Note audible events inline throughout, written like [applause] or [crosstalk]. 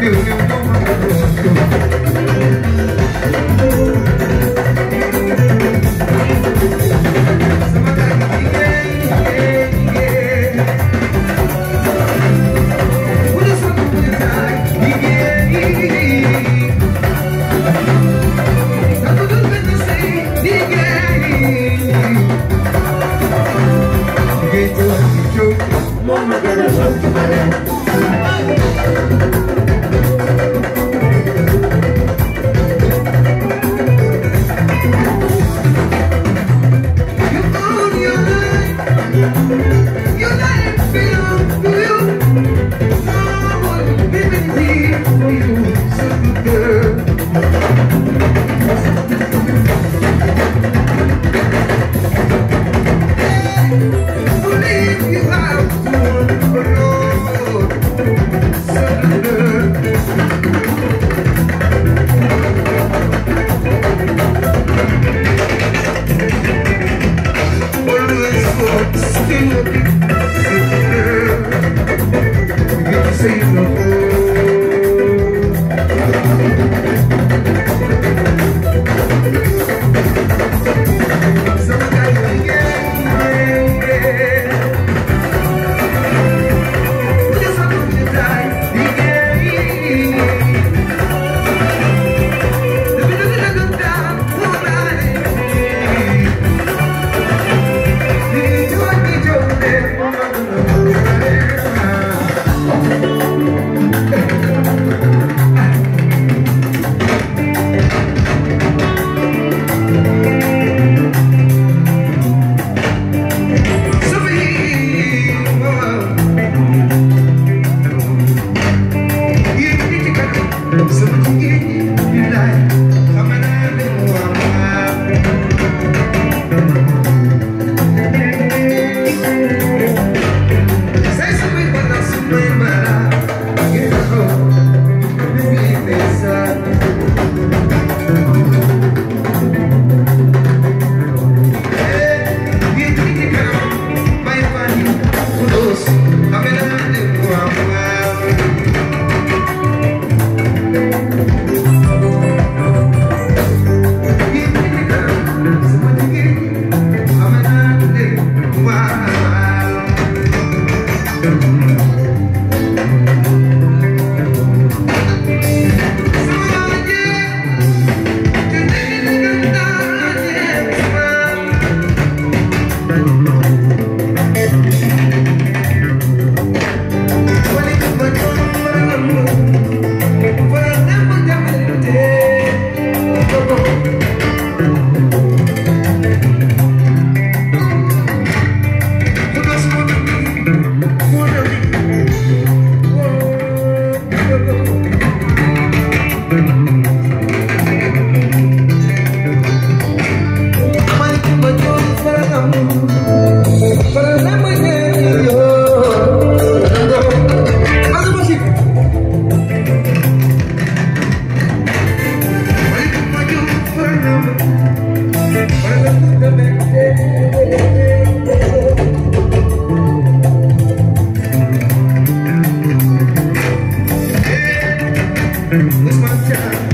do do Demasiado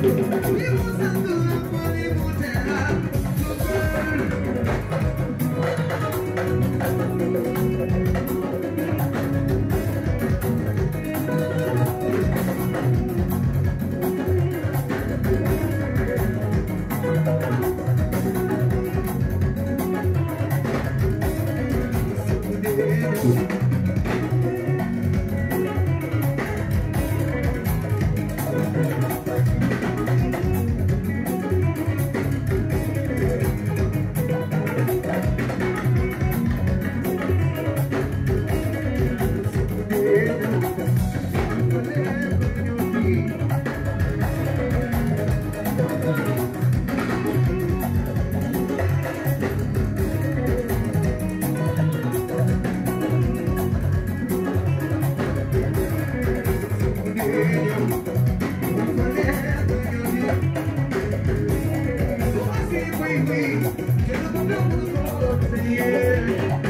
sant Yeah.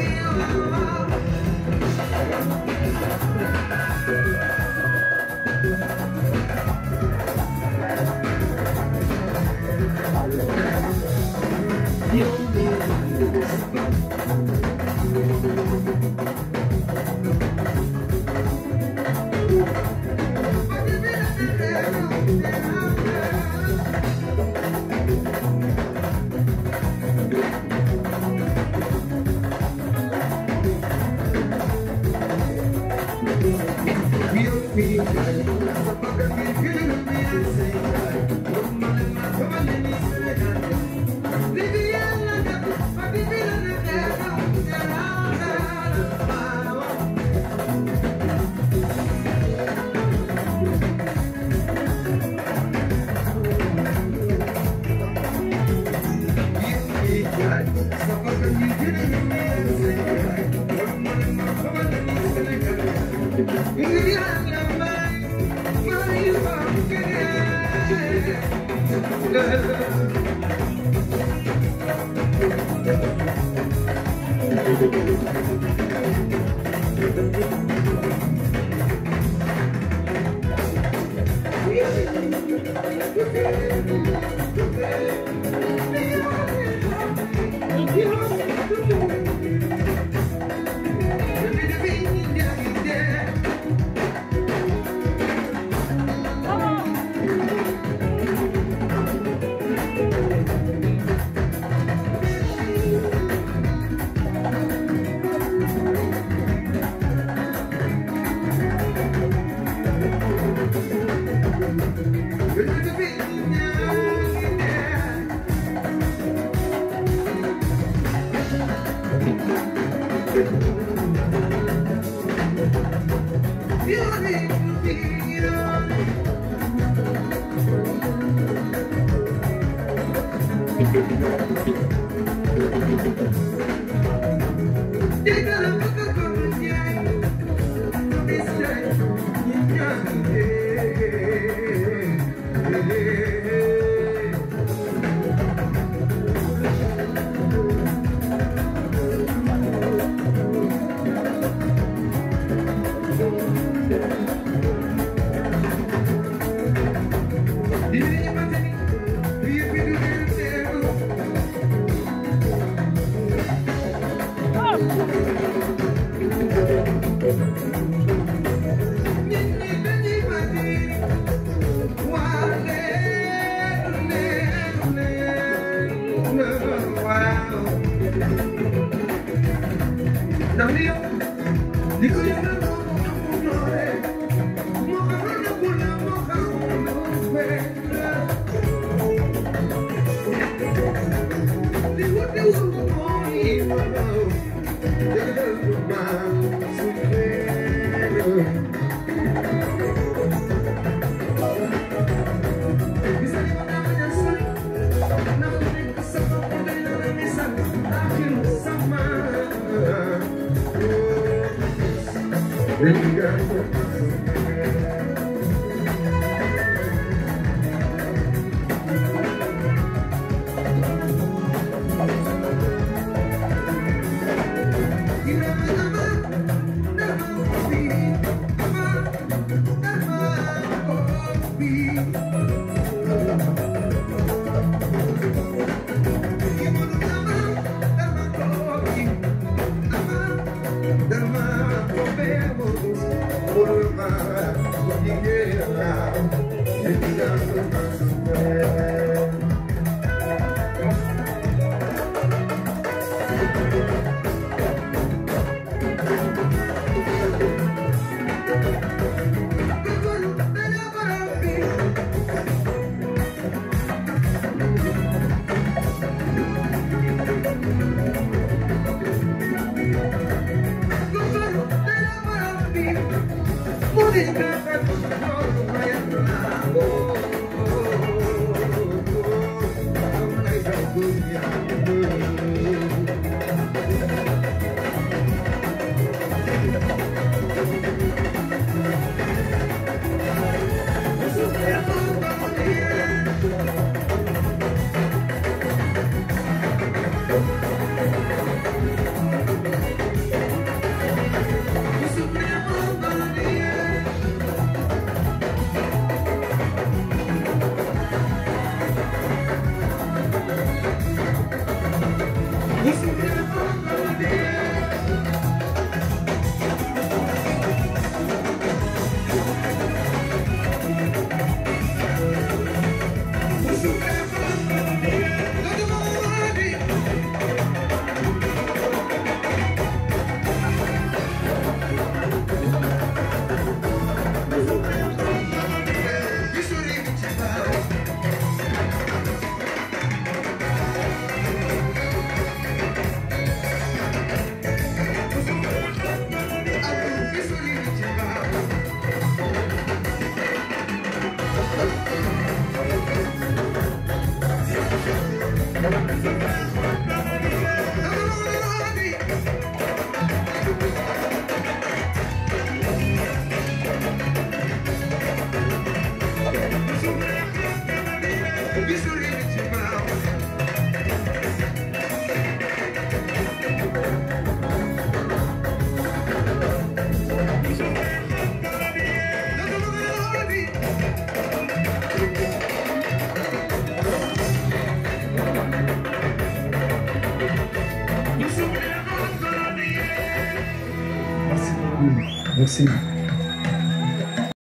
Thank you. Thank [laughs] you. Thank you.